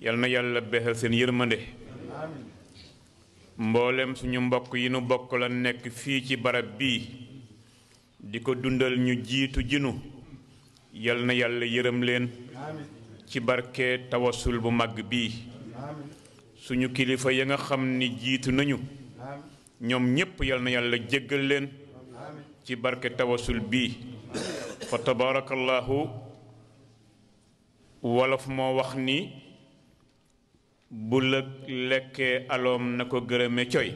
yal na yàlla beesal seen yërmande mboolem suñu mbokk yi nu bokk la nekk fii ci barab bii di ko dundal ñu jiitu jinu yal na yàlla yërëm leen ci barke tawasul bu màgg bii suñu kilifa yi nga xam ni jiitu nañu ñoom ñépp yal na yàlla jéggal leen ci barke tawasul bii fa tabarakallahu wolof moo wax ni bu lëg lekkee aloom na ko gërëme coy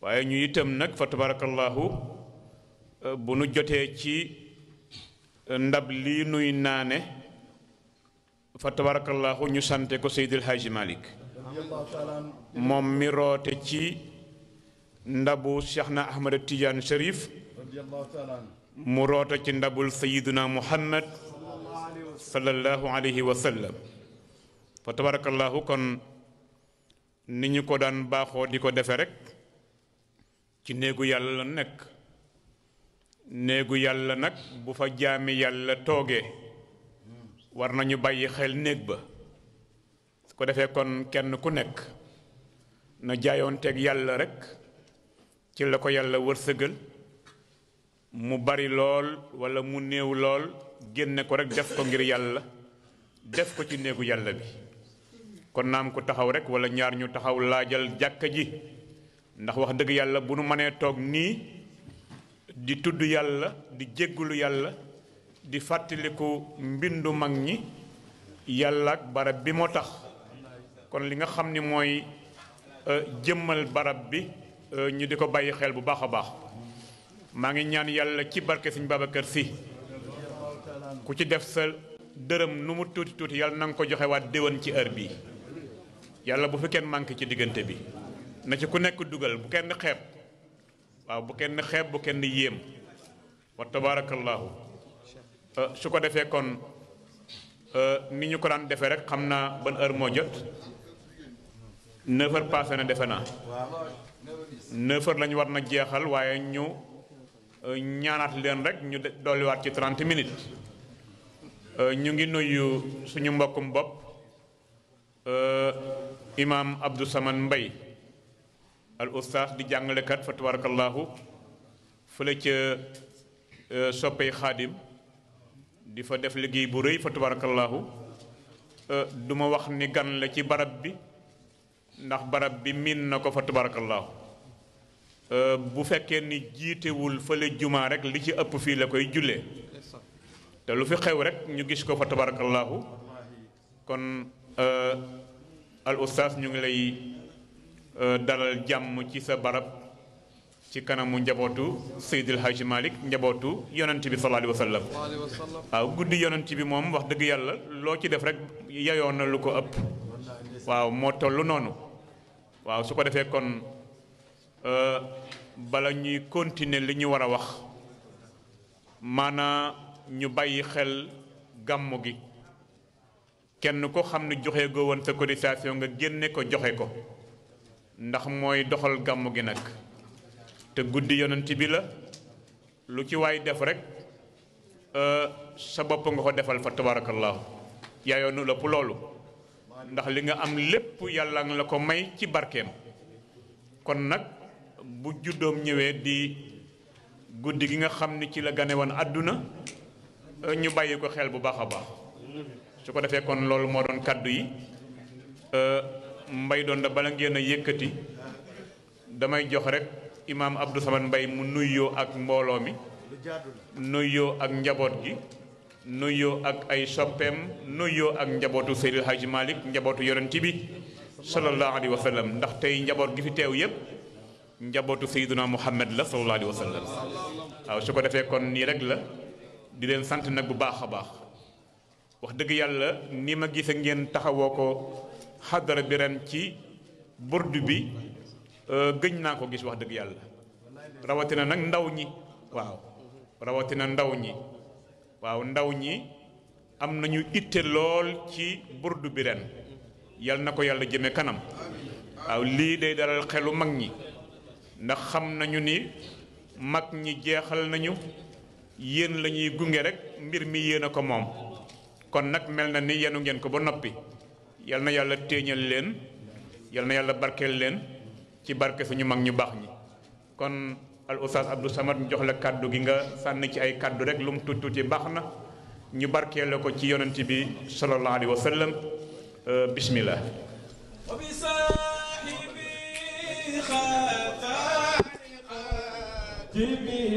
waaye ñu itam nag fa tabarakallahu euh, bu ñu jotee ci euh, ndab lii nuy naane fa tabarakallahu ñu sante ko Seydil Haaji Malick moom mi roote ci ndabu Cheikhna Ahmad Tidiane Cherif mu roote ci ndabul Sayyiduna Muhammad sallallahu alayhi wa fa tabarakallahu kon ni ñu ko daan baaxoo di ko defe rek ci néegu yàlla la nekk néegu yàlla nag bu fa jaami yàlla toogee war nañu bàyyi xel néeg ba su ko defee kon kenn ku nekk na jaayoonteeg yàlla rekk ci la ko yàlla wërsëgal mu bari lool walla mu néew lool génne ko rek def ko ngir yàlla def ko ci néegu yàlla bi kon naam ko taxaw rek wala ñaar ñu taxaw laajal jàkka ji ndax wax dëgg yàlla bu nu mënee toog nii di tudd yàlla di jéggulu yàlla di fàttaliku mbindu mag ñi yàlla ak barab bi moo tax kon li nga xam ni mooy euh, jëmmal barab bi euh, ñu di ko bàyyi xel bu baax a baax maa ngi ñaan yàlla ci barke suñ babacar si ku ci def sa dërëm nu mu tuuti tuuti yàlla na nga ko joxe waat déwan ci heure bii yàlla bu fi kenn manqué ci diggante bi na ci ku nekk dugal bu kenn xeeb waaw bu kenn xeeb bu kenn yéem wa tabaarakallaahu euh, su ko defee kon euh, ni ñu ko daan defee rek xam naa ban heure moo jot neuf heures na defe naa neuf heures la war na jeexal waaye ñu euh, ñaanaat leen rek ñu dolliwaat ci trente minutes ñu ngi nuyu suñu mbokkum bopp imaam Abdou Saman Mbay al ustaas di jàngalekat fa tabarakallahu fële ca euh, soppey xaadim di fa def liggéey bu rëy fa tabarakallahu euh, du wax ni gan la ci barab bi ndax barab bi miin na ko fa tabarakallahu euh, bu fekkee ni jiitewul fële jumaa rek li ci ëpp fii la koy jullee te lu fi xew rek ñu gis ko fa tabarakallahu kon al oustaz ñu ngi lay euh, dalal jàmm ci sa barab ci kanamu njabootu Seydil Hadji Malick njabootu yonent bi sallallahu alayhi wa waaw guddi yonanti bi moom wax dëgg yàlla loo ci def rek yayoon na lu ko ëpp waaw moo tollu noonu waaw su ko defee kon euh, bala ñuy continuer li ñu war a wax maanaa ñu bàyyi xel gàmmu gi kenn ko xam ne joxe goo woon sa cotisation nga génne ko joxe ko ndax mooy doxal gàmmu gi nag te guddi yonent bi la lu ci waay def rek euh, sa bopp nga ko defal fa tabaarakallaahu yaayoonu la loolu ndax li nga am lépp yàlla nga la ko may ci barkeem kon nag bu juddoom ñëwee di guddi gi nga xam ni ci la gane woon àdduna euh, ñu bàyyi ko xel bu baax a baax su ko defee kon loolu moo doon kàddu yi euh, mbay doon da bala ngeen a yëkkati damay jox rek imaam Abdou Samad Mbay mu nuyoo ak mbooloo mi nuyoo ak njaboot gi nuyyoo ak ay soppeem nuyyoo ak njabootu Seydil Hadji Malick njabootu yonent bi sallallahu alayhi wa sallam ndax tey njaboot gi fi teew yépp njabootu Seydina Muhammad la sallallahu alayhi wa sallam waaw su ko defee kon nii rek la di leen sant nag bu baax a baax wax dëgg yàlla ni ma gis ngeen taxawoo ko xadara bi ren ci burdu bi euh, gëñ naa ko gis wax dëgg yàlla rawatina nag ndaw ñi waaw rawatina ndaw ñi waaw ndaw ñi am nañu itte lool ci burdu bi ren yal na ko yàlla jëme kanam waaw lii day dalal xelu mag ñi ndax xam nañu ni mag ñi jeexal nañu yéen lañuy gunge rek mbir mi yéen a ko moom kon nak mel na ni yenu ngeen ko bo nopi yal na yàlla nyal len, yal na yàlla barkeel len, ci barke suñu mag ñu bax ñi kon al oustaz abdou samad ñu jox la kàddu gi nga sann ci ay kàddu rek lum tuttu ci baxna ñu barkel ko ci yonenti bi sallallahu alaihi wasallam euh, bismillah وبصاحبي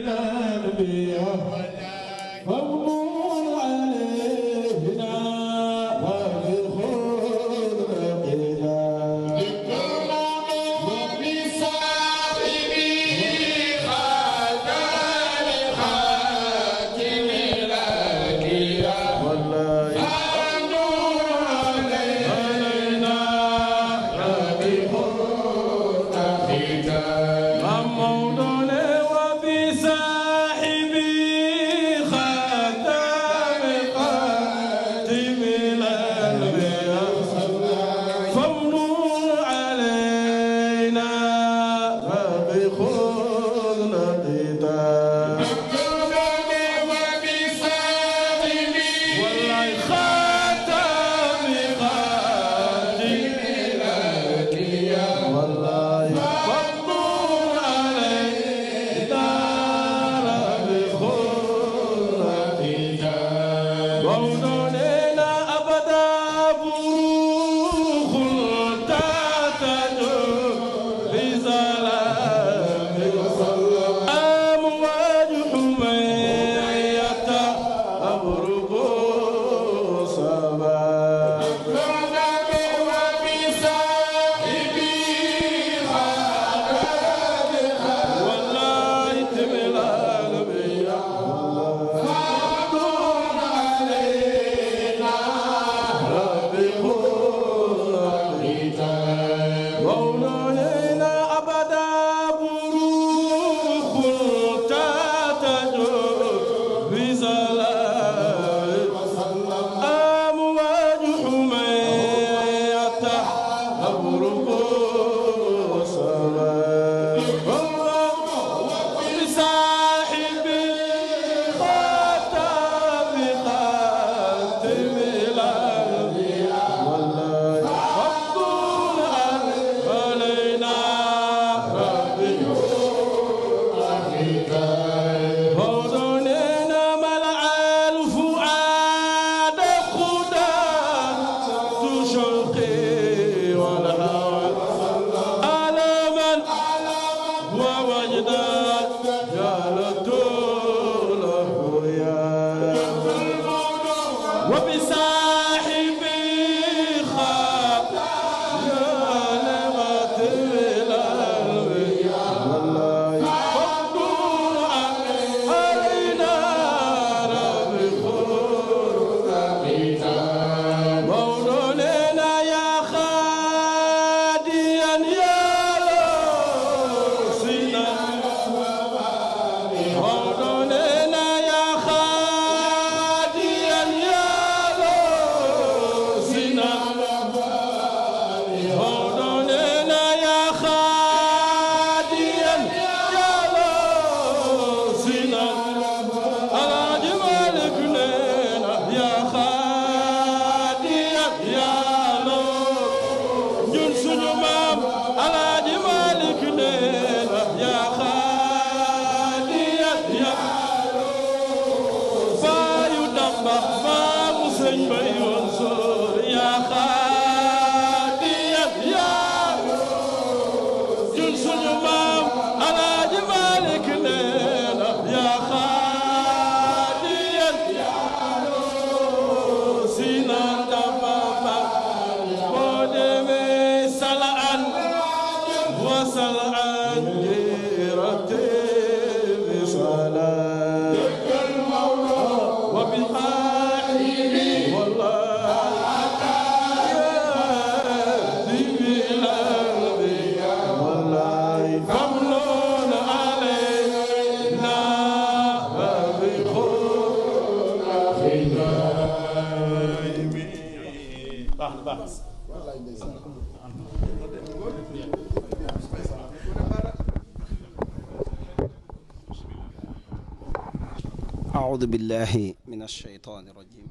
أعوذ بالله من الشيطان الرجيم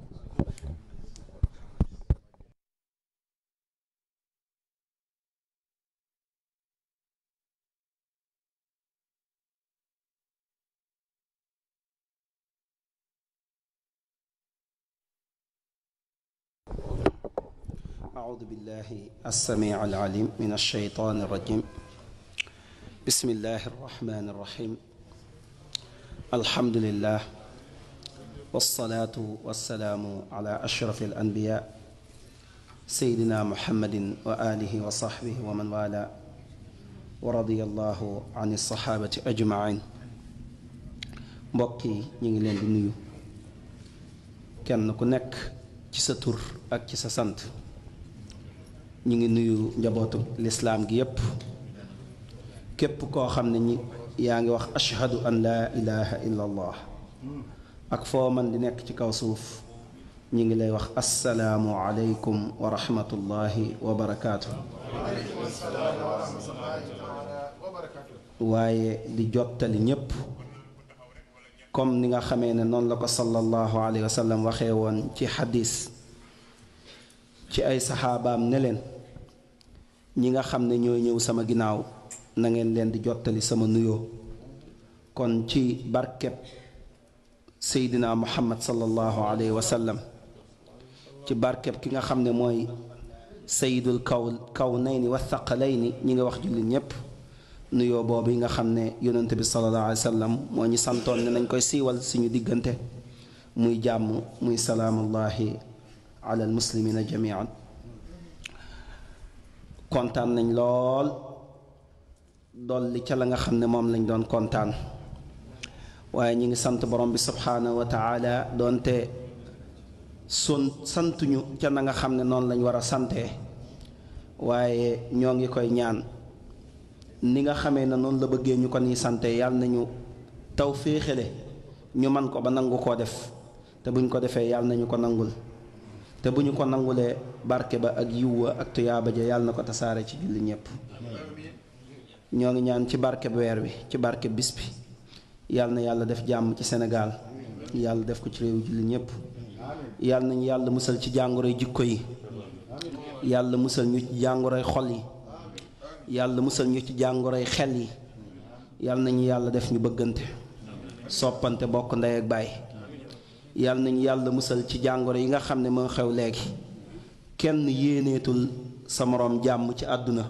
أعوذ بالله السميع العليم من الشيطان الرجيم بسم الله الرحمن الرحيم الحمد لله والصلاة والسلام على أشرف الأنبياء سيدنا محمد وآله وصحبه ومن والاه ورضي الله عن الصحابة أجمعين بقي نجلين دنيو كان نكونك كيسا تور أك كيسا سانت نجلينيو جبوت الإسلام جيب كيب كو خمني يعني أشهد أن لا إله إلا الله mm. ak fo man di nek ci kaw suuf ñi ngi lay wax assalamu alaykum wa rahmatullahi wa barakatuh waye di jotali ñépp comme ni nga xamé ne non la ko sallallahu alayhi wa sallam waxé won ci hadith ci ay sahabaam ne len ñi nga xamné ñoy ñëw sama ginaaw na ngeen len di jotali sama nuyo kon ci barkep سيدنا محمد صلى الله عليه وسلم تبارك كيغا خامني موي سيد الكونين والثقلين نيغا واخ جولي نيب نيو بوبيغا خامني يونت بي صلى الله عليه وسلم مو ني سانتون ني نانكاي سيوال سيني ديغانتي موي جام موي سلام الله على المسلمين جميعا كونتان نين لول دولي تي لاغا خامني موم لا ندون كونتان waaye ñu ngi sant borom bi subhaanahu wa taala doonte son santuñu ca na nga xam ne noonu lañ war a sante waaye ñoo ngi koy ñaan ni nga xamee na noonu la bëggee ñu ko nii sante yàlla nañu taw féexale ñu man ko ba nangu koo def te bu ñu ko defee yàlla nañu ko nangul te bu ñu ko nangulee barke ba ak yiwwa ak tuyaaba ja yàlla na ko tasaare ci julli ñépp ñoo ngi ñaan ci barke weer wi ci barke bis bi yàlla na yàlla def jàmm ci senegaal yàlla def ko ci réew julli ñépp yàlla nañu yàlla musal ci jàngoro jikko yi yàlla musal ñu ci jàngoroy xol yi yàlla musal ñu ci jàngoroy xel yi yàlla nañu yàlla def ñu bëggante soppante bokk ndey ak baay yàlla nañu yàlla musal ci jàngoro yi nga xam ne moo xew léegi kenn yéeneetul sa moroom jàmm ci àdduna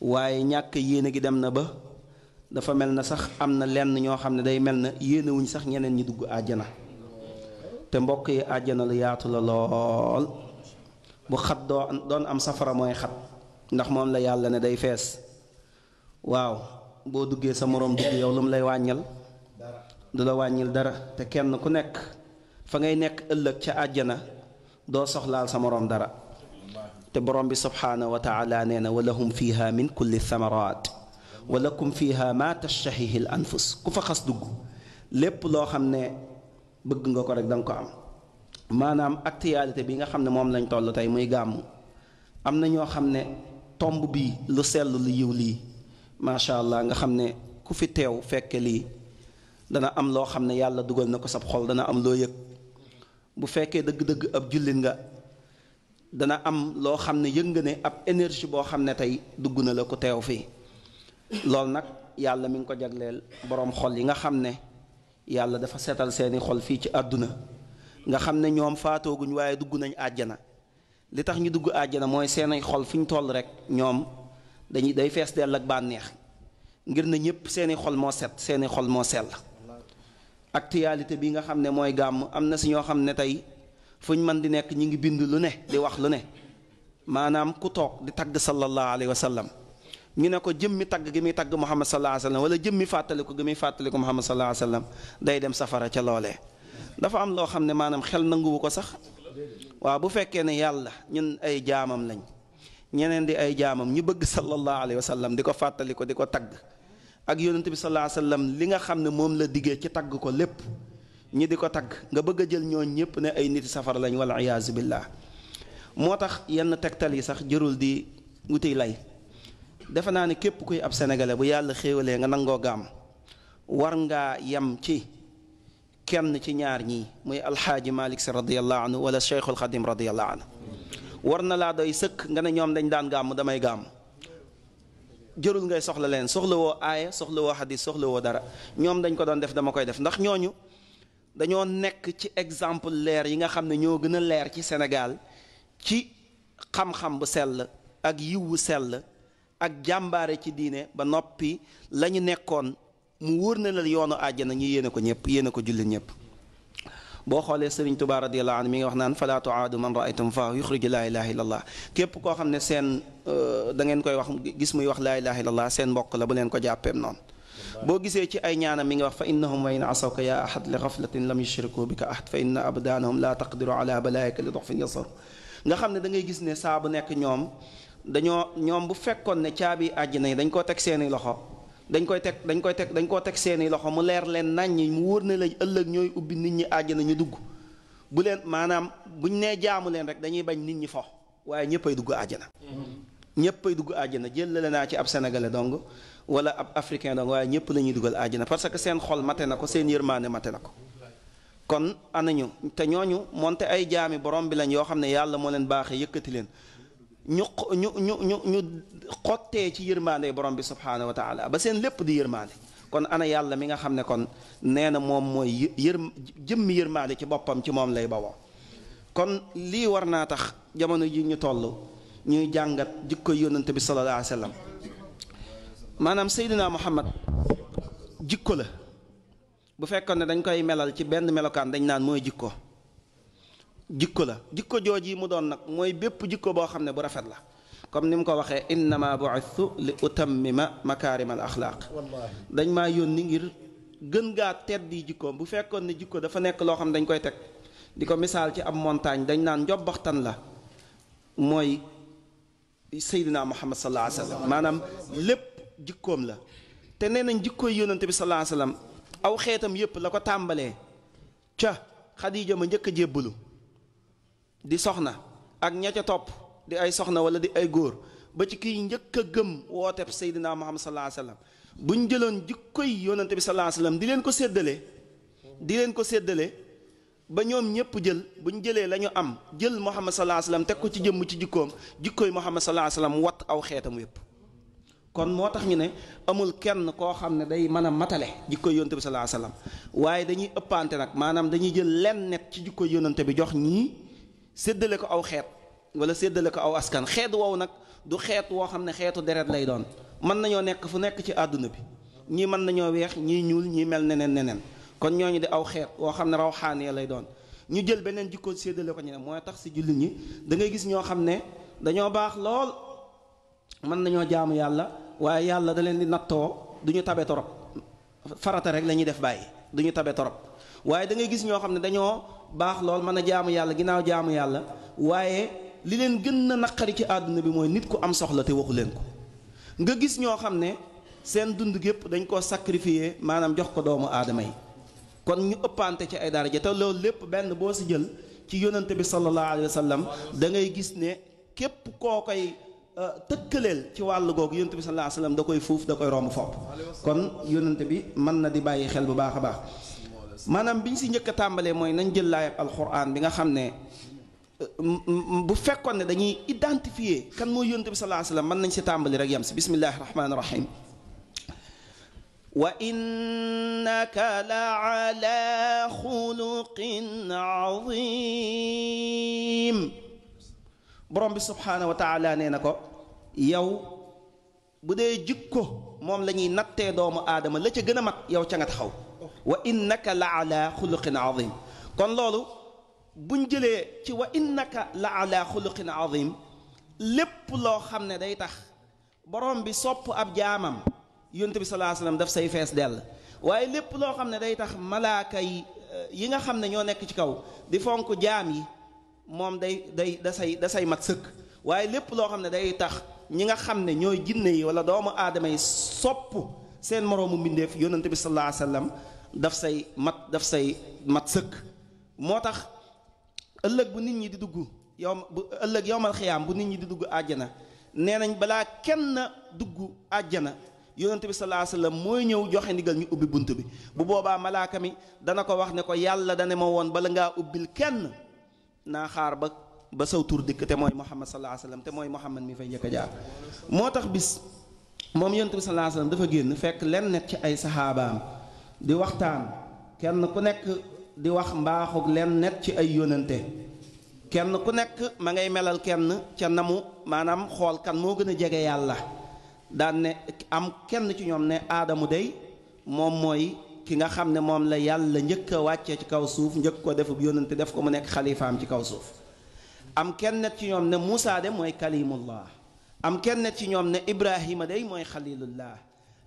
waaye ñàkk yéene gi dem na ba dafa mel sax amna lenn ño xamne day mel yene wuñ sax ñeneen ñi dugg aljana te mbokk yi aljana la yaatu la lool bu xat do don am safara moy xat ndax mom la yàlla ne day fess waaw bo duggé sa morom dugg yow lum lay wañal dara dula wañal dara te kenn ku nek fa ngay nek ëlëk ci aljana do soxlaal sa morom dara te borom bi subhanahu wa taala neena na wa lahum fiha min kulli thamarat ولكم فيها ما تشتهيه الانفس anfus خاص دغ لب لو خامني بغ xam كو رك دا نكو ام مانام nga بيغا خامني موم actualité bi nga xam ne moom lañ toll tey muy gàmm am na ñoo xam ne tomb bi nga xamne ku fi tew fekke li dana am lo xamne yàlla dugal nako sab xol dana am lo yek bu fekke deug deug ab jullit nga dana am lo xamne ne ne ab énergie bo xamne tay duguna la ko loolu nag yàlla mi ngi ko jagleel boroom xol yi nga xam ne yàlla dafa seetal seeni xol fii ci àdduna nga xam ne ñoom faatooguñ waaye dugg nañu àjjana li tax ñu dugg àjjana mooy seeni xol fi ñu toll rek ñoom dañuy day fees ak bànneex ngir na ñëpp seeni xol moo set seeni xol moo sell actualité bi nga xam ne mooy gàmm am na si ñoo xam ne tey fu ñu mën di nekk ñu ngi bind lu ne di wax lu ne maanaam ku toog di tagg sallallahu alayhi wa sallam ñu ne ko jëmmi tagg gi muy tagg muhammad sallallahu alayhi wasallam wala jëmmi fàttaliku gi muy fàttaliku muhammad sallallahu alayhi wasallam day dem safara ca loolee dafa am loo xam ne maanaam xel nanguwu ko sax waaw bu fekkee ne yàlla ñun ay jaamam lañ ñeneen di ay jaamam ñu bëgg sallallahu alayhi wasallam sallam di ko fàttaliku di ko tagg ak yonent bi sallallahu alayhi wasallam li nga xam ne moom la diggee ci tagg ko lépp ñi di ko tagg nga bëgg a jël ñoo ñëpp ne ay niti safara lañ wala iyaazu billah moo tax yenn tegtal yi sax jërul di wuti lay defe naa ne kuy ab sénégalais bu yàlla xéewalee nga nangoo gam war ngaa yam ci kenn ci ñaar ñii muy alxaaji malik radhiyallahu anhu wala al khadim radhiyallahu anhu war na laa doy sëkk nga ne ñoom dañ daan gàmm damay gàmm jërul ngay soxla leen soxlawoo wo soxlawoo xadis wo dara ñoom dañ ko doon def dama koy def ndax ñooñu dañoo nekk ci exemple leer yi nga xam ne ñoo gën a leer ci Sénégal ci xam-xam bu sell ak yiw bu sell ak jàmbaare ci diine ba noppi lañu ñu nekkoon mu wóor na la yoonu àjjana ñu yéene ko ñëpp yéene ko jullit ñëpp boo xoolee sëriñ Tuubaa radiyallaahu anhu mi ngi wax naan fala tuaadu man raaytum fa yuxriju laa ilaaha illallah képp koo xam ne seen da ngeen koy wax gis muy wax laa ilaaha illallah seen mbokk la bu leen ko jàppeem noonu boo gisee ci ay ñaanam mi ngi wax fa innahum wa in asawka ya ahad li ghaflatin lam yushriku bika ahad fa inna abdanahum la taqdiru ala balaika li doxfin yasar nga xam ne da ngay gis ne saa bu nekk ñoom dañoo ñoom bu fekkoon ne caabi na yi dañ koo teg seeni loxo dañ koy teg dañ koy teg dañ koo teg seeni loxo mu leer leen naññ mu wóor na la ëllëg ñooy ubbi nit ñi àjjana ñu dugg bu leen maanaam buñ nee jaamu leen rek dañuy bañ nit ñi fo waaye ñëppay dugg àjjana. Mm-hmm. ñëppay dugg àjjana jëlale naa ci ab sénégalais dong wala ab africain dong waaye ñëpp la ñuy dugal na parce que seen xol mate na ko seen yërmaane mate na ko. kon na anañu te ñooñu moonte ay jaami borom bi lañ yoo xam ne yàlla moo leen baaxee yëkkati leen ñu ñu ñu ñu ñu xottee ci yërmaande borom bi subhaanahu wa taala ba seen lépp di yërmaande kon ana yàlla mi nga xam ne kon nee na moom mooy yër jëmmi yërmaande ci boppam ci moom lay bawoo kon lii war naa tax jamono ji ñu toll ñuy jàngat jikko yónnante bi sallallahu alayhi wa sallam maanaam Seydina Muhammad jikko la bu fekkoon ne dañ koy melal ci benn melokaan dañ naan mooy jikko jikko la jikko jooj yi mu doon nag mooy bépp jikko boo xam ne bu rafet la comme ni mu ko waxee innama bu'ithtu li utammima makaarima al axlaaq dañ maa yónni ngir gën gaa tedd yi jikkoom bu fekkoon ne jikko dafa nekk loo xam ne dañ koy teg di ko misaal ci ab montagne dañ naan njobbaxtan la mooy seydinaa muhammad sallallahu alayhi wasallam maanaam lépp jikkoom la te nee nañ jikkooy yónnante bi sallallahu alayhi aw xeetam yépp la ko tàmbalee ca xadiija ma njëkk a jébbalu di soxna ak ña ca topp di ay soxna wala di ay góor ba ci kiy njëkk a gëm wooteeb Seydina Muhammad sallallahu alayhi wa sallam bu ñu jëloon jikkoy yonante bi sallallahu alayhi di leen ko séddale di leen ko séddale ba ñoom ñëpp jël bu ñu jëlee la am jël Muhammad sallallahu alayhi wa sallam ko ci jëmm ci jikkoom jikkoy Muhammad sallallahu alayhi wa sallam watt aw xeetam yépp kon moo tax ñu ne amul kenn koo xam ne day mën matale jikkoy yonante bi sallallahu alayhi wa waaye dañuy ëppante nag maanaam dañuy jël lenn net ci jikkoy yonante bi jox ñii séddale ko aw xeet wala séddale ko aw askan xeet woowu nag du xeet woo xam ne xeetu deret lay doon mën nañoo nekk fu nekk ci àdduna bi ñii mën nañoo weex ñii ñuul ñii mel neneen neneen kon ñooñu di aw xeet woo xam ne rawxaan ya lay doon ñu jël beneen jikko séddale ko ñu ne mooy tax si jullit ñi da ngay gis ñoo xam ne dañoo baax lool mën nañoo jaamu yàlla waaye yàlla da leen di nattoo du ñu tabe torop farata rek la ñuy def bàyyi du ñu tabe torop waaye da ngay gis ñoo xam ne dañoo bax lol man jaamu yàlla ginaaw jaamu yàlla waye li len gën a naqari ci aduna bi moy nit ku am soxla te waxu len ko nga gis ño xamne sen dund gep dañ ko sacrifier manam jox ko doomu adamay kon ñu uppante ci ay daraja te lol lépp ben bo si jël ci yonante bi sallallahu alayhi wasallam da ngay gis ne kep ko koy tëkkaleel ci walu gog yonante bi sallallahu alayhi wasallam da koy fouf da koy romb fop kon yonante bi man na di bàyyi xel bu baakha baax maanaam bi ñu si njëkk a tàmbalee mooy nañ jël laayab alxuraan bi nga xam ne bu fekkoon ne dañuy identifier kan mooy yonent bi sallallahu alayhi wa sallam mën nañ si tàmbali rek yam si bismillahi rahmaani rahim wa innaka la ala xuluqin azim borom bi subhaanahu wa taala nee na ko yow bu dee jikko moom la ñuy nattee doomu aadama la ca gën a mat yow ca nga taxaw وإنك لعلى خلق عظيم كون لولو بون جيلي تي وإنك لعلى خلق عظيم لب لو خامني داي تخ بروم بي سوب اب جامام يونت بي صلى الله عليه وسلم داف ساي فيس ديل واي لب لو خامني داي تخ ملائكه ييغا خامني ньо نيك تي كاو دي فونك جام يي موم داي داي دا ساي دا ساي مات سك واي لب لو خامني داي تخ ñinga xamne ñoy jinne yi wala doomu adamay sopp seen morom mbindef yonnante bi sallallahu alayhi wasallam daf say mat daf say mat sëkk moo tax ëllëg bu nit ñi di dugg yow bu ëllëg yowmal xiyaam bu nit ñi di dugg àjjana nee nañ balaa kenn dugg àjjana yonente bi salaa sallam mooy ñëw joxe ndigal ñu ubbi bunt bi bu boobaa malaaka mi dana ko wax ne ko yàlla dane ma woon bala ngaa ubbil kenn naa xaar ba ba saw tur dikk te mooy muhammad salaa sallam te mooy muhammad mi fay njëkk a jaar moo tax bis moom yonente bi salaa sallam dafa génn fekk lenn nekk ci ay saxaabaam di waxtaan kenn ku nekk di wax mbaaxug len net ci ay yonente kenn ku nekk ma ngay melal kenn ca namu maanaam xool kan moo gën a jege yàlla daan ne am kenn ci ñoom ne aadamu day moom mooy ki nga xam ne moom la yàlla njëkk a wàccee ci kaw suuf njëkk ko defub yonente def ko mu nekk xalifaam ci kaw suuf am kenn net ci ñoom ne Moussa de mooy kalimullah am kenn net ci ñoom ne Ibrahima day mooy xalilullah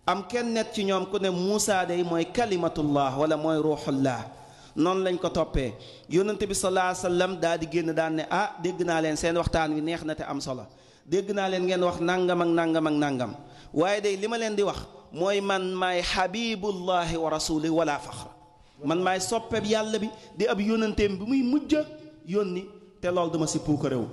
am ken net ci ñom ku ne musa day moy kalimatullah wala moy ruhullah non lañ ko topé yonnte bi sallallahu alayhi wasallam da di génn daan ne ah dégg na len seen waxtaan wi neex na te am solo dégg na len ngeen wax nangam ak nangam ak nangam waye day lima len di wax moy man may habibullah wa rasuli wala faxr man maay soppeeb yàlla bi di ab yonnte bi muy mujj yónni te loolu dama si puukarewu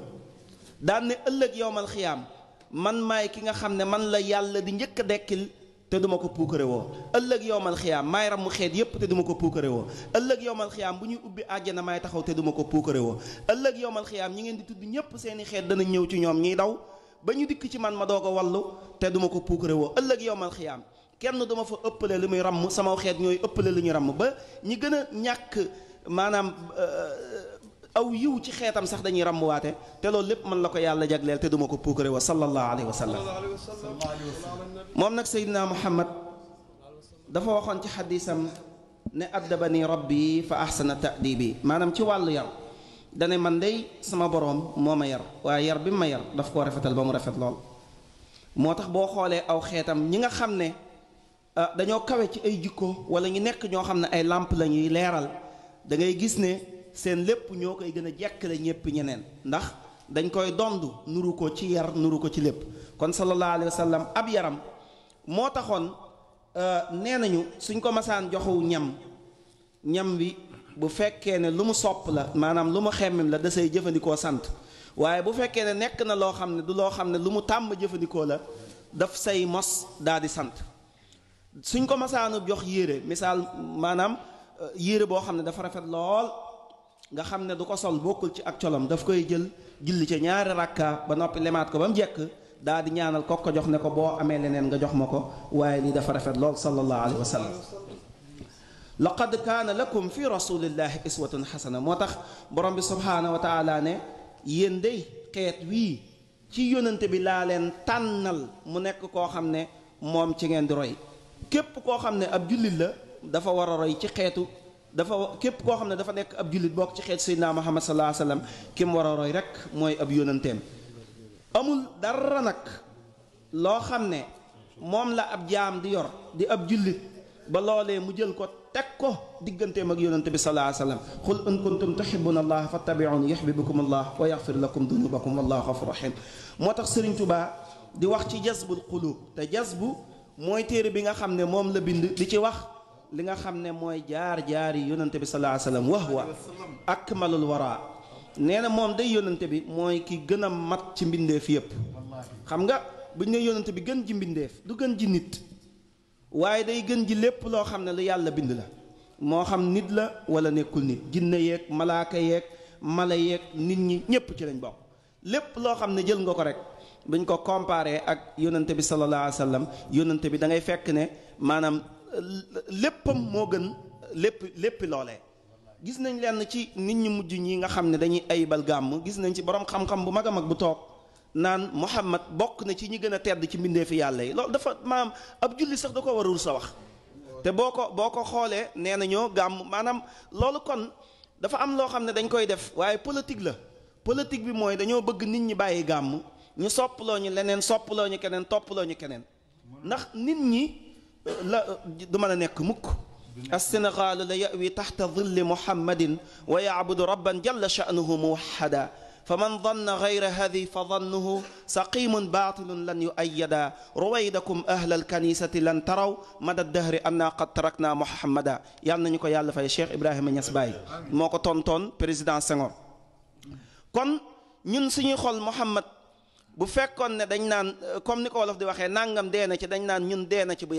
daan ne ëllëg yowmal khiyam man may ki nga xamne man la yàlla di njëkk dekkil te duma ko puukare woo ëllëg yowmal xiyaam maay ram mu xeet yépp te duma ko puukare woo ëllëg yowmal xiyaam bu ñuy ubbi àjjana maay taxaw te duma ko puukare woo ëllëg yowmal xiyaam ñi ngeen di tudd ñépp seeni xeet dana ñëw ci ñoom ñiy daw ba ñu dikk ci man ma doog a wallu te duma ko puukare woo ëllëg yowmal xiyaam kenn duma fa ëppale li muy ramm sama xeet ñooy ëppale li ñuy ramm ba ñi gën a ñàkk maanaam euh, aw yiw ci xeetam sax dañuy waté te loolu lépp man la ko yàlla jagleel te duma ko puukare wa sallallahu alayhi wa sallam moom nag Seydina Muhammad dafa waxoon ci xadisam ne addabani rabbi fa ahsana ta'dibi maanaam ci wàllu yar dane man day sama borom moo ma yar waaye yar bi ma yar daf koo rafetal ba mu rafet lool moo tax boo xoolee aw xeetam ñi nga xam ne dañoo kawe ci ay jikko wala ñu nekk ñoo xam ne ay làmp lañuy leeral da ngay gis ne seen lépp ñoo koy gën a jekkale ñépp ñeneen ndax dañ koy dond nuru ko ci yar nuru ko ci lépp kon sallallahu alayhi wa sallam ab yaram moo taxoon euh, nee nañu suñ ko masaan joxu ñam ñam wi bu fekkee ne lu mu sopp la maanaam lu mu xemmem la da jëfandikoo sant waaye bu fekkee ne nekk na loo xam ne du loo xam ne lu mu tàmm jëfandikoo la daf say mos daal di sant suñ ko masaanu jox yére misaal maanaam euh, yére boo xam ne dafa rafet lool nga xamne duko sol bokul ci ak colom daf koy jël julli ci ñaari rakka ba nopi lemat ko bam jek dal di ñaanal ko ko jox ne ko bo amé leneen nga jox mako waye li dafa rafet lol sallallahu alaihi wasallam laqad kana lakum fi rasulillahi iswatun hasana motax borom bi subhanahu wa taala ne yéen day xeet ci yonent bi la len tanal mu nek ko xamne mom ci ngeen di roy kep ko xamne ab jullit la dafa wara roy ci xetu dafa képp koo xam ne dafa nekk ab jullit bokk ci xeet Seydina Muhammad sallallahu alayhi wasallam ki mu war a roy rek mooy ab yónnanteem amul dara nag loo xam ne moom la ab jaam di yor di ab jullit ba loolee mu jël ko teg ko digganteem ak yónnante bi sallallahu alayhi wasallam qul in kuntum tuhibbuna allah fattabi'uni yuhibbukum allah wa yaghfir lakum dunubakum wallahu ghafurur rahim moo tax Serigne Touba di wax ci jazbul qulub te jazbu mooy téere bi nga xam ne moom la bind di ci wax li nga xam ne mooy jaar-jaar yonante bi sallallahu alayhi wasallam wax wa akmalul wara nee na moom day yonante bi mooy ki gën a mat ci mbindeef yépp xam nga buñ ne yonante bi gën ji mbindeef du gën ji nit waaye day gën ji lépp loo xam ne lu yàlla bind la moo xam nit la wala nekkul nit jinne yéeg malaaka yeeg mala yeeg nit ñi ñépp ci lañ bokk lépp loo xam ne jël nga ko rek buñ ko comparé ak yonante bi sallallahu alayhi yonante bi da fekk ne maanaam léppam moo gën lépp lépp loole gis nañ lenn ci nit ñu mujj ñi nga xam ne dañuy ayibal gàmm gis nañ ci borom xam-xam bu mag a mag bu toog naan Muhammad bokk na ci ñi gën a tedd ci mbindeefi yàlla yi loolu dafa maam ab julli sax da ko warul sa wax te boo ko boo ko xoolee nee na ñoo gàmm maanaam loolu kon dafa am loo xam ne dañ koy def waaye politique la politique bi mooy dañoo bëgg nit ñi bàyyi gàmm ñu soppaloo ñu leneen soppaloo ñu keneen toppaloo ñu keneen ndax nit ñi لا دمنا نك مك السنغال لا يأوي تحت ظل محمد ويعبد ربا جل شأنه موحدا فمن ظن غير هذه فظنه سقيم باطل لن يؤيدا رويدكم أهل الكنيسة لن تروا مدى الدهر أننا قد تركنا محمدا يالنا نيكو يالا فاي شيخ إبراهيم نيسباي موكو تون تون بريزيدان سنغور كون نين سيني خول محمد بو ندنان كوم نيكو ولف دي وخي نانغام دينا كي دنان دينا كي بو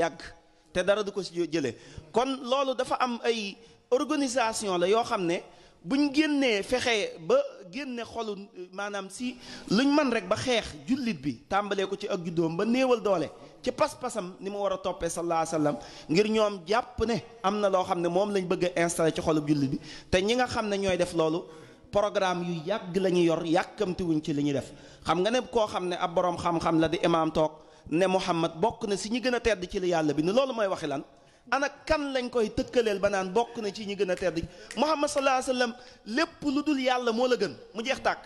te dara du ko si jëlee kon loolu dafa am ay organisation la yoo xam ne buñ génnee fexe ba génne xolu maanaam si luñ mën rek ba xeex jullit bi tàmbalee ko ci ak juddoom ba néewal doole ci pas-pasam ni mu war a toppee sallallahu alayhi wasallam ngir ñoom jàpp ne am na loo xam ne moom lañ bëgg a installé ci xolub jullit bi te ñi nga xam ne ñooy def loolu programme yu yàgg la ñu yor yàkkamtiwuñ ci li ñuy def xam nga ne koo xam ne ab boroom xam-xam la di imaam toog ne Muhammad bokk na si ñi gën a tedd ci li yàlla bi ne loolu mooy waxi lan ana kan lañ koy tëkkaleel ba naan bokk na ci ñi gën a tedd Muhammad sallallahu alayhi wasallam lépp lu dul yàlla moo la gën mu jeex tàkk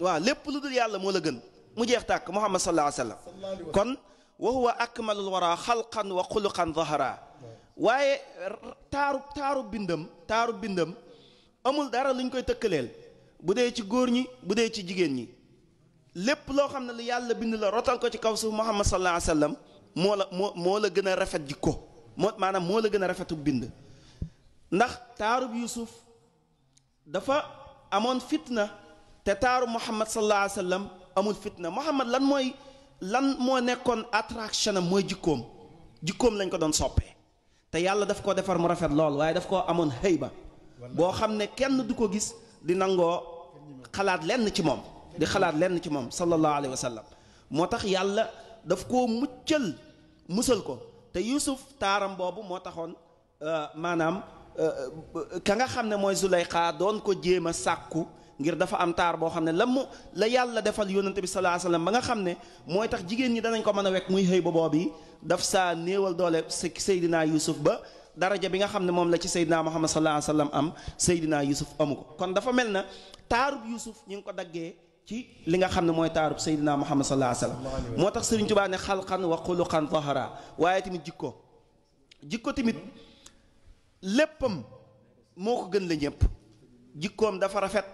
waaw lépp lu dul yàlla moo la gën mu jeex tàkk Muhammad sallallahu alayhi wasallam kon wa huwa akmalul wara xalqan wa xuluqan zahara waaye taaru taaru bindam taaru bindam amul dara luñ koy tëkkaleel bu dee ci góor ñi bu dee ci jigéen ñi lépp loo xam ne lu yàlla bind la rotal ko ci kaw suuf muhammad sallallahu alayhi wa sallam moo la moo moo la gën a rafet jikko moo maanaam moo la gën a rafetu bind ndax taarub yusuf dafa amoon fitna te taaru muhammad sallallahu alayhi wa sallam amul fitna muhammad lan mooy lan moo nekkoon attraction am mooy jikkoom jikkoom lañ ko doon soppee te yàlla daf koo defar mu rafet lool waaye daf koo amoon xëy ba boo xam ne kenn du ko gis di nangoo xalaat lenn ci moom di xalaat lenn ci mom sallallahu alayhi wasallam motax yàlla daf ko muccel mussel ko te yusuf taram bobu moo taxoon maanaam ka nga xamne moy zulaykha don ko jema sàkku ngir dafa am tar bo xamne lam la yàlla defal yónnante bi sallallahu alayhi wasallam ba nga xamne moy tax jigen ñi danañ ko meuna wek muy xëy ba boobu daf sa néewal doole sayidina Yusuf ba daraja bi nga xamne mom la ci sayidina Muhammad sallallahu alayhi wasallam am sayidina Yusuf amuko kon dafa melna na Yusuf ñing ko daggee ci li nga xam ne mooy taarub Seydina Muhammad sallallahu alayhi wa moo tax Serigne Touba ne xalqan wa xuluqan zahara waaye tamit jikko jikko tamit léppam moo ko gën la ñëpp jikkoom dafa rafet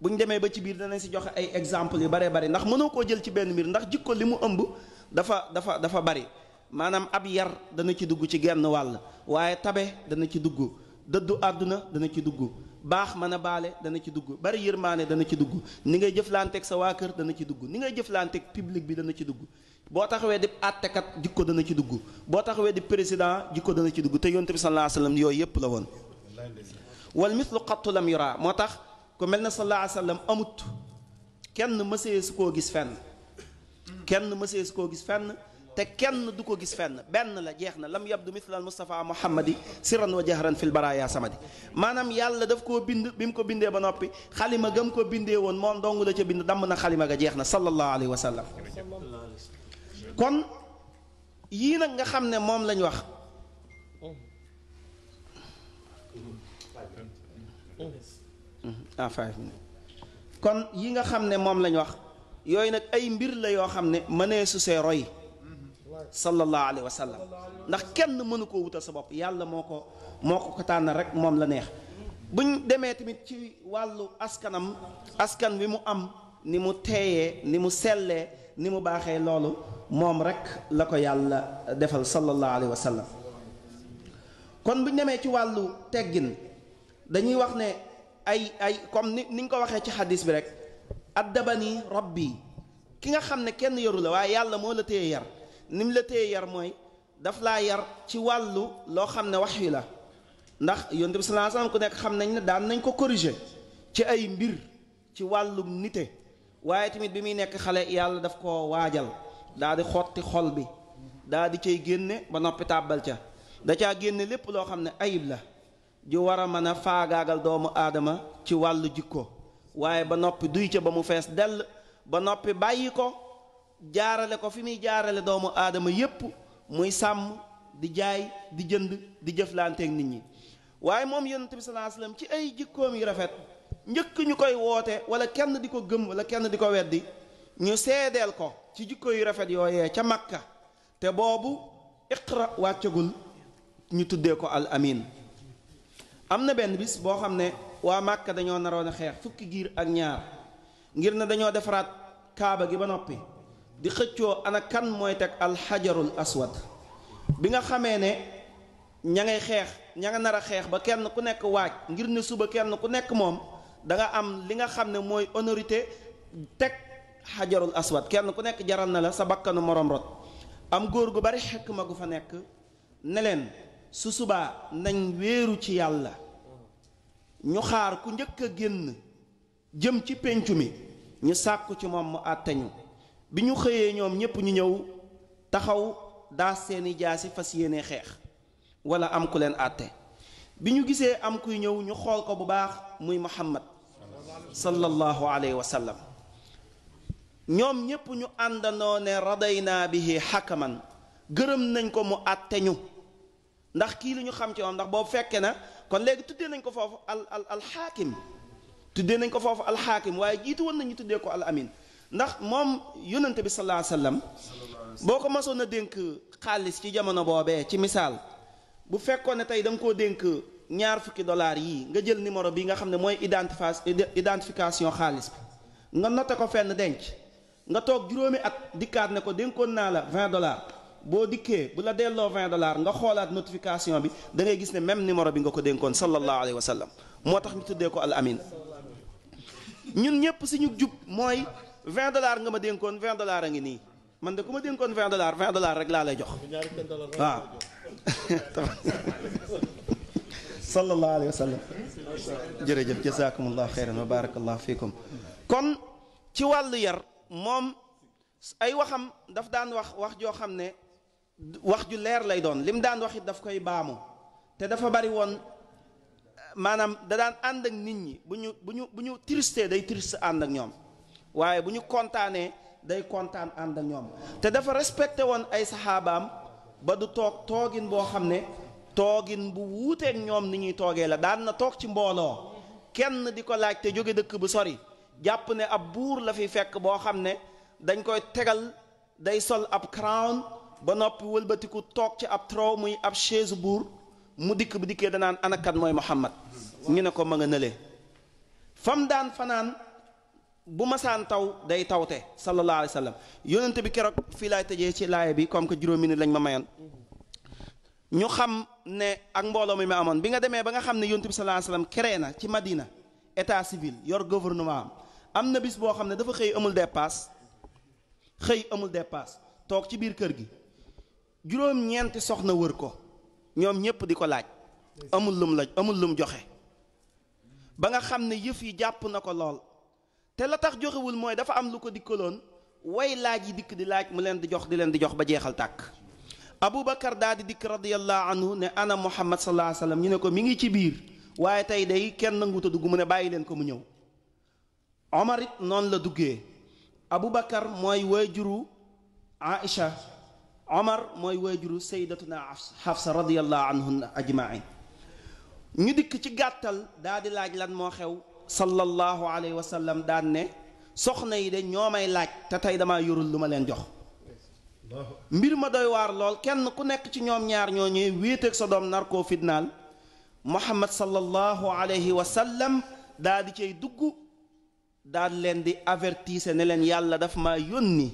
bu ñu demee ba ci biir danañ si joxe ay exemple yu baree bari ndax mënoo koo jël ci benn mbir ndax jikko li mu ëmb dafa dafa dafa bari maanaam ab yar dana ci dugg ci genn wàll waaye tabe dana ci dugg dëddu àdduna dana ci dugg baax mën a baale dana ci dugg bari yërmaane dana ci dugg ni ngay jëflanteeg sa waa kër dana ci dugg ni ngay jëflanteeg public bi dana ci dugg boo taxawee di àttekat jikko dana ci dugg boo taxawee di président jikko dana ci dugg te yonte bi sa alayhi wasallam yooyu yëpp la woon wal mislu xattu la yura moo tax ku mel na sallallahu alayhi wasallam amut kenn mësee su koo gis fenn kenn mësee su koo gis fenn تكن دوكو غيس فن بن لا جيخنا لم يبدو مثل المصطفى محمدي سرا وجهرا في البرايا سمدي مانام يالا داف كو بيند بيم كو بيندي با نوبي خليما گم كو بيندي وون مون دونغ لا تي بيند دام نا خليما گا جيخنا صلى الله عليه وسلم كون يي نا گا خامن موم لا نيوخ ا 5 كون يي نا خامن موم لا نيوخ يوي نا اي مبير لا يو خامن مانيسو سي روي sallallahu alayhi wa sallam ndax kenn mënu koo wutal sa bopp yàlla moo ko moo ko ko tànn rek moom la neex buñ demee tamit ci wàllu askanam askan wi mu am ni mu teeyee ni mu sellee ni mu baaxee loolu moom rek la ko yàlla defal sallallahu alayhi wa sallam kon buñ demee ci wàllu teggin dañuy wax ne ay ay comme ni niñ ko waxee ci xadis bi rek addabani rabbi ki nga xam ne kenn yoru la waaye yàlla moo la téye yar nim la téye yar mooy daf laa yar ci wàllu loo xam ne wax yu la ndax yonent bi sallallahu alayhi ku nekk xam nañ ne daan nañ ko corriger ci ay mbir ci wàllum nite waaye tamit bi muy nekk xale yàlla daf koo waajal daa di xotti xol bi daa di cay génne ba noppi tàbbal ca da caa génne lépp loo xam ne ayib la ju war a mën a faagaagal doomu aadama ci wàllu jikko waaye ba noppi duy ca ba mu fees dell ba noppi bàyyi ko jaarale ko fi muy jaarale doomu aadama yépp muy sàmm di jaay di jënd di jëflanteeg nit ñi waaye moom yonent bi sallallahu ci ay jikkoom yu rafet njëkk ñu koy woote wala kenn di ko gëm wala kenn di ko weddi ñu seedeel ko ci jikko yu rafet yooye ca Makka te boobu iqra wàccagul ñu tuddee ko al amin am na benn bis boo xam ne waa Makka dañoo naroon a xeex fukki giir ak ñaar ngir ne dañoo defaraat kaaba gi ba noppi di xëccoo ana kan tek al hajarul aswad bi nga xamé né ña ngay xex ña nga nara xex ba kenn ku nekk waaj ngir ne suba kenn ku nekk mom da nga am li nga xamné moy honorité tek hajarul aswad kenn ku nekk jaral na la sa bakkanu morom rot am goor gu bari xekk ma gu fa nekk ne len su suba nañ wëru ci yalla ñu xaar ku jëm ci penchu mi ñu sakku ci mom mu biñu xeyé ñom ñépp ñu ñëw taxaw da seeni jaasi fas yene xex wala am ku len até biñu gisé am kuy ñëw ñu xol ko bu baax muy muhammad sallallahu alayhi wa sallam ñoom ñépp ñu andano ne radayna bihi hakaman gërëm nañ ko mu até ñu ndax ki li ñu xam ci moom ndax bo fekke na kon légui tuddé nañ ko fofu al al hakim tuddé nañ ko fofu al hakim waye jitu won nañ tuddé ko al amin ndax mom yonante bi sallallahu alayhi wasallam boko masona dénk khalis ci jamono bobé ci misal bu fekkone tay dang ko dénk ñaar fukki dollar yi nga jël numéro bi nga xamné moy identification khalis bi nga noté ko fenn denc nga tok juróomi at dikkat ne ko dénkoon na la 20 dollars bo dikke bu la delo 20 dollars nga xoolaat notification bi da ngay gis ne même numéro bi nga ko dénkoon sallallahu alayhi wasallam motax moo ñu tuddee ko al amin ñun ñëpp suñu jup moy vingt dollars nga ma dénkoon vingt dollars a ngi nii man de ku ma dénkoon vingt dollars vingt dollars rek laa lay jox waaw sallallahu alayhi wa sallam jërëjëf jazakumullah xeyran wa barakallah fiikum kon ci wàllu yar moom ay waxam daf daan wax wax joo xam ne wax ju leer lay doon lim daan wax it daf koy baamu te dafa bari woon maanaam da daan ànd ak nit ñi bu ñu bu ñu bu ñu triste day triste ànd ak ñoom waaye bu ñu kontaanee day kontaan ànd ak ñoom te dafa respecté woon ay saxaabaam ba du toog toogin boo xam ne toogin bu wuuteeg ñoom ni ñuy toogee la daan na toog ci mbooloo kenn di ko laaj te jóge dëkk bu sori jàpp ne ab buur la fi fekk boo xam ne dañ koy tegal day sol ab crown ba noppi wëlbatiku toog ci ab trow muy ab chaise buur mu dikk bu dikkee danaan anakat mooy Muhammad ñu ne ko ma nga nële fam daan fanaan bu masaan taw day tawte sallallahu alayhi wa sallam yonent bi keroog fii laay tëjee ci laay bi comme que juróomi ni lañ ma mayoon ñu xam ne ak mbooloo mi ma amoon bi nga demee ba nga xam ne yonent bi sallallahu alayhi wa sallam na ci Madina état civil yor gouvernement am na bis boo xam ne dafa xëy amul dépasse xëy amul dépasse toog ci biir kër gi juróom-ñeenti soxna wër ko ñoom ñépp di ko laaj amul lum la amul lum joxe ba nga xam ne yëf yi jàpp na ko lool te la tax joxewul mooy dafa am lu ko dikkaloon way laaj yi dikk di laaj mu leen di jox di leen di jox ba jeexal tàkk Aboubacar daa di dikk radiyallahu anhu ne ana Muhammad sallallahu alayhi sallam ñu ne ko mi ngi ci biir waaye tey day kenn nanguta dugg mu ne bàyyi leen ko mu ñëw Omar it noonu la duggee Aboubacar mooy waajuru Aïcha Omar mooy waajuru sayyidatuna Hafsa radiyallahu anhu ajmain ñu dikk ci gàttal daa di laaj lan moo xew sallallahu alayhi wasallam sallam daan ne soxna yi de ñoo may laaj te tey damaa yorul lu ma leen jox mbir ma doy waar lool kenn ku nekk ci ñoom ñaar ñoo ñëwee wéet ak sa doom nar koo fitnaal muhammad sallallahu alayhi wa sallam daal di cay dugg daal leen di avertise ne leen yàlla dafa ma yónni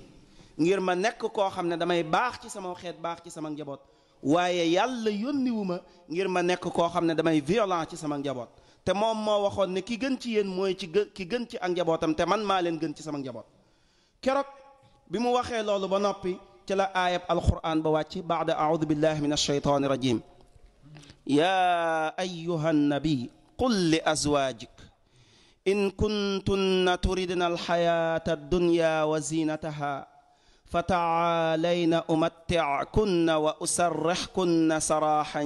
ngir ma nekk koo xam ne damay baax ci sama xeet baax ci sama njaboot waaye yàlla yónniwu ma ngir ma nekk koo xam ne damay violent ci sama njaboot te mom mo waxone ne ki gën ci yéen moy ci ki gën ci ak njabotam te man ma len gën ci sama njabot kérok bi mu waxee loolu ba nopi ci la ayat alquran ba wàcc ba'da a'udhu billahi minash shaitani rajim ya ayuha annabi qul li azwajik in kuntunna turidna alxayata addunya wa zinataha فتعالين أمتعكن وأسرحكن سراحا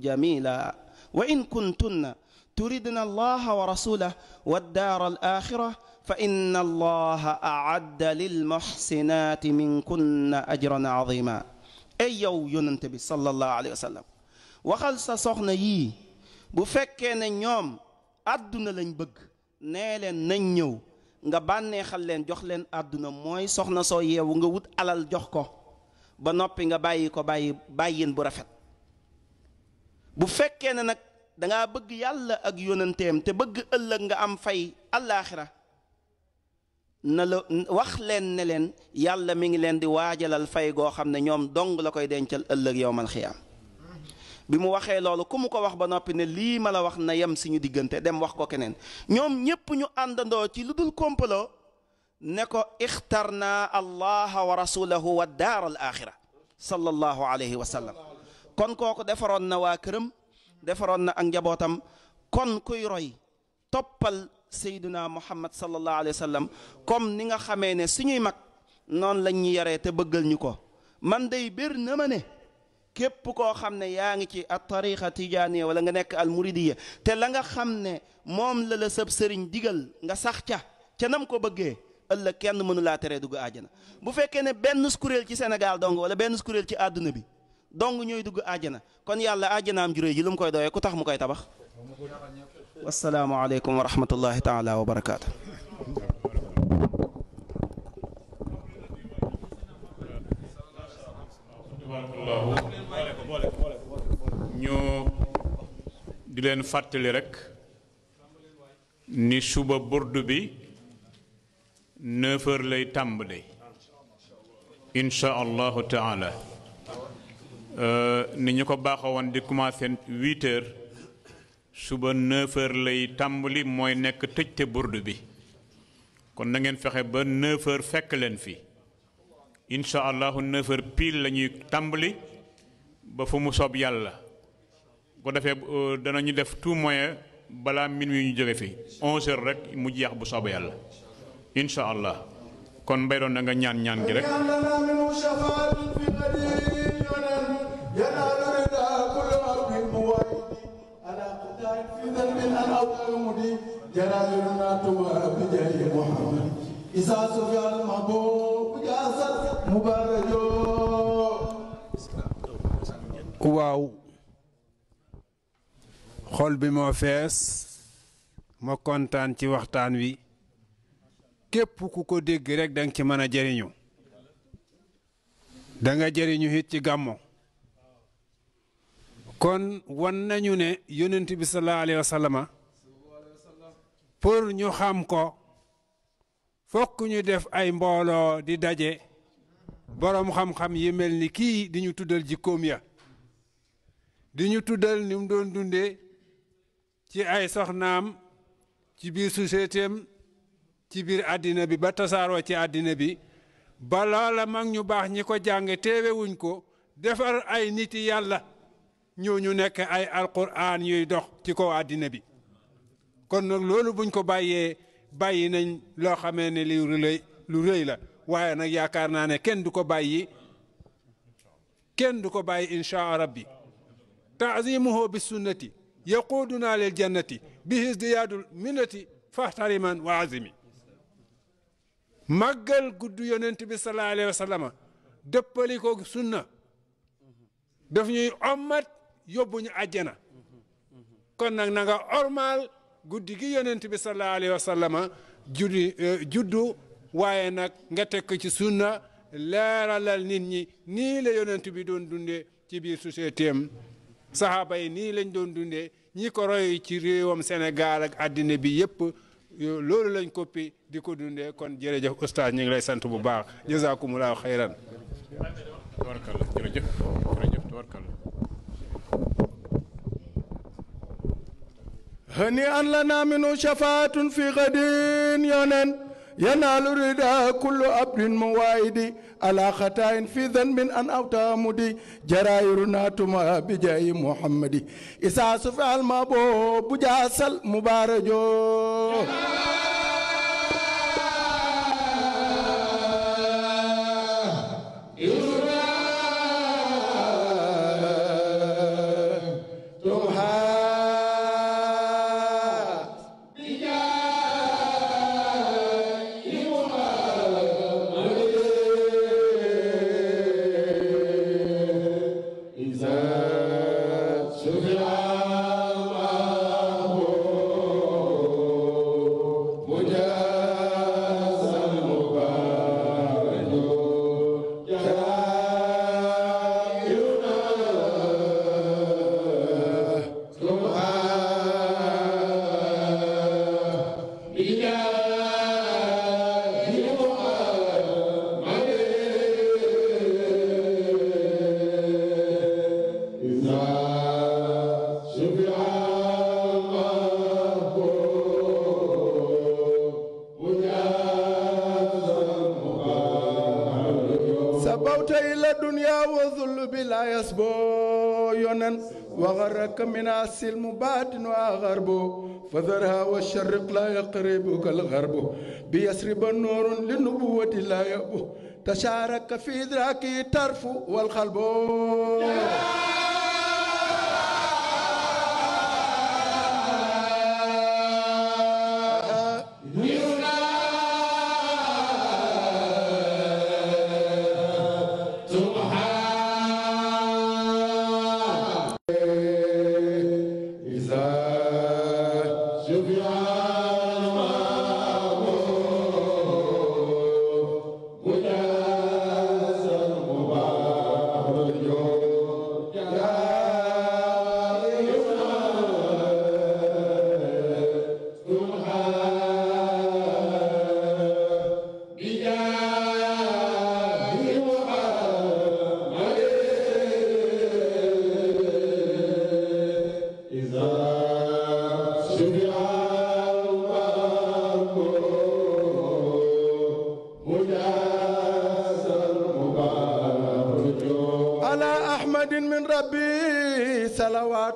جميلا وإن كنتن تردن الله ورسوله والدار الآخرة فإن الله أعد للمحسنات منكن أجرا عظيما أيو ينتبه صلى الله عليه وسلم وخلص صغن يي بفكين نيوم أدنا لن بغ نال ننيو nga banne xal len jox len aduna moy soxna so yew nga wut alal jox ko ba da ngaa bëgg yàlla ak yonanteem te bëgg ëllëg nga am fay àllaaxira na la wax leen ne leen yàlla mi ngi leen di waajalal fay goo xam ne ñoom dong la koy dencal ëllëg yowmal xiyaam bi mu waxee loolu ku mu ko wax ba noppi ne lii ma la wax na yem suñu diggante dem wax ko keneen ñoom ñépp ñu àndandoo ci lu dul complot ne ko ixtar naa allaha wa rasulahu wa daar al axira sallallahu alayhi wa sallam kon kooku defaroon na waa këram defaroon na ak njabootam kon kuy roy toppal sayduna muhammad sallallahu alaihi wasallam sallam comme ni nga xamee ne suñuy mag noonu lañ ñu yaree te bëggal ñuko ko man day bir na ma ne képp koo xam ne ci at tariqa tijaaniya wala nga nekk al muridiya te la nga xam ne la la sëb sëriñ digal nga sax ca ca nam ko bëggee ëllëg kenn mënu laa teree dugg àjjana bu fekkee ne benn kuréel ci Sénégal dong wala benn kuréel ci àdduna bi dong ñooy dugg àjjana kon yàlla àjjanaam juré ji lu mu koy doyee ku tax mu koy tabax wasalaamualeykum wa rahmatullahi taala wa barakaatu ñu di leen fàttali rek ni suba burdu bi neuf heures lay tàmbali insha allahu taala Euh, ni ñu ko baaxoo woon di commencé huit heures suba neuf heures lay tàmbali mooy nekk tëjte burdu bi kon na ngeen fexe ba neuf heures fekk leen fi incha allahu neuf heures pile la ñuy tàmbali ba fu mu soob yàlla ko defee euh, danañu def tout moyen balaa minuit ñu jóge fi onze heures rek mu jeex bu soob yàlla incha allah kon mbay doon na nga ñaan ñaan gi rek waaw xol bi moo fees ma kontaan ci waxtaan wi képp ku ko dégg rekk danga ci mën a jëriñu danga jëriñu it ci gàmmo kon wan nañu ne yonent bi sallallahu alayhi pour ñu xam ko fokk ñu def ay mbooloo di daje boroom xam-xam yi mel ni kii di ñu tuddal jikkoom ya di ñu tuddal ni mu doon dundee ci ay soxnaam ci biir société ci biir àddina bi ba tasaaroo ci àddina bi ba loola mag ñu baax ñi ko jàng teewewuñ ko defar ay niti yàlla ñu nekk ay alquran yuy dox ci kaw àddina bi kon nag loolu buñ ko bàyyee bàyyi nañ loo xamee ne li lu rëy la waaye nag yaakaar naa ne kenn du ko bàyyi kenn du ko bàyyi inchaa rabbi taazimuhu bi sunnati yaquuduna lil jannati bihis diyaadul minnati fahtariman wa azimi màggal gudd yonent bi sallallahu alayhi wa sallama sunna daf ñuy ommat yóbbuñu àjjana kon nag na nga ormaal guddi gi yonent bi sallallahu wa sallama eh, juddu waaye nag nga tekk ci sunna leeralal nit ñi nii la yonent bi doon dundee ci biir société am yi nii lañ doon dundee ñi ko roy ci réewam Sénégal ak àddina bi yëpp loolu lañ koppi di ko dundee kon jërëjëf oustaz ñu lay sant bu baax jazakumullahu xayran. jërëjëf jërëjëf هنيئا لنا منه شفاعة في غد يونان ينال رضا كل عبد مواعد على خطا في ذنب ان او تعمد جرائرنا تما بجاي محمد اساس فعل ما بجاسل مبارجو وراك من السلم باطن وغرب فذرها والشرق لا يقربك الغرب بيسرب النور للنبوة لا يأبه تشارك في إدراكه ترف والقلب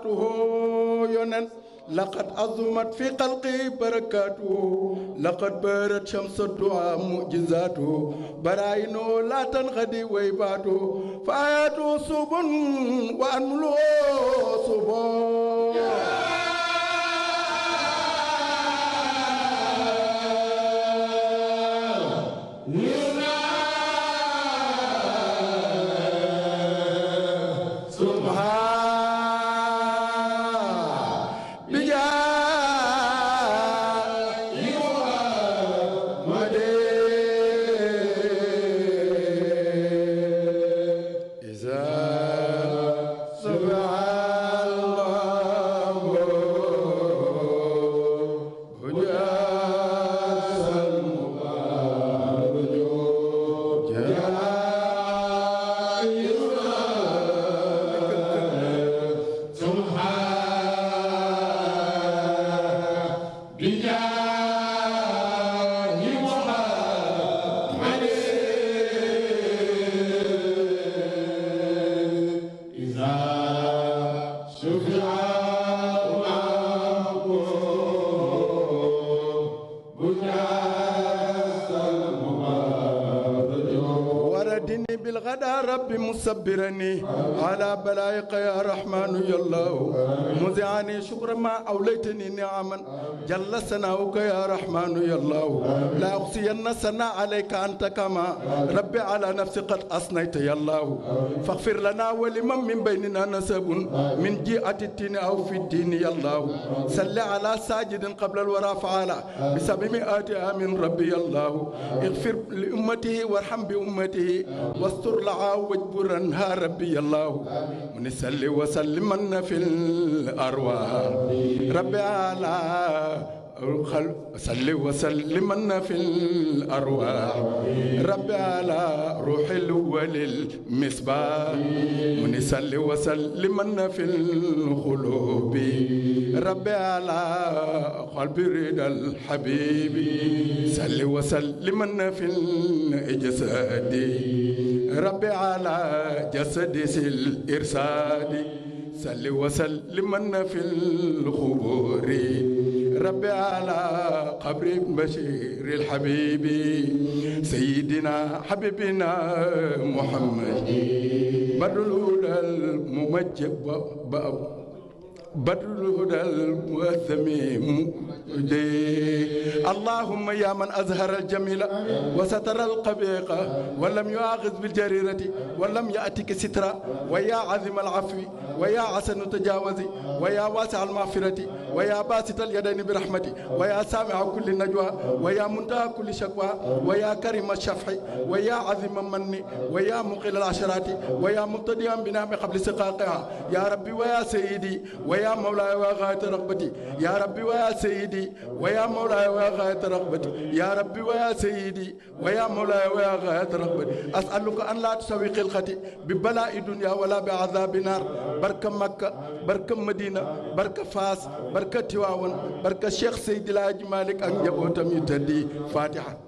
barakaatuhu yonen laqad azumat fi xalqi barakatu, lakat barat shamsu du'a mu'jizaatuhu baraayinu laa tanxadi way baatuhu fa ayaatu subun wa anmuluhu مجبرني على بلائق يا رحمن يا الله مزعني شكر ما أوليتني نعما جل سناؤك يا رحمن يا الله لا أحصين سنا عليك أنت كما ربي على نفسي قد أصنيت يا الله فاغفر لنا ولمن من بيننا نسب من جيعة الدين أو في الدين يا الله صل على ساجد قبل الورى فعلا بسبب آتها من ربي يا الله اغفر لأمته وارحم بأمته واستر لها واجبرنها ربي يا الله ونسلي وسلمن في الأرواح ربي على الخلق صل وسلم في الأرواح ربي على روح الأول المصباح من صل وسلم في القلوب ربي على قلب رضا الحبيب صل وسلم في الجسد ربي على جسد الإرسال صل وسلم في الخبور ربي على قبر بشير الحبيب سيدنا حبيبنا محمد بدر الهدى الممجد بدر الهدى المؤثم اللهم يا من أزهر الجميل وستر القبيقة ولم يؤاخذ بالجريرة ولم يأتك سترا ويا عظيم العفو ويا عسن التجاوز ويا واسع المغفرة ويا باسط اليدين برحمتي ويا سامع كل نجوى ويا منتهى كل شكوى ويا كريم الشفع ويا عظيم مني ويا مقل العشرات ويا مبتدئا بنعم قبل سقاقها يا ربي ويا سيدي ويا مولاي وغاية رغبتي يا ربي ويا سيدي ويا مولاي وغاية رغبتي يا ربي ويا سيدي ويا مولاي ويا غاية رغبتي أسألك أن لا تسوي خلقتي ببلاء دنيا ولا بعذاب نار برك مكة برك مدينة برك فاس برك barka Tiwaawan barka Cheikh ak njabootam yu tëdd Fatiha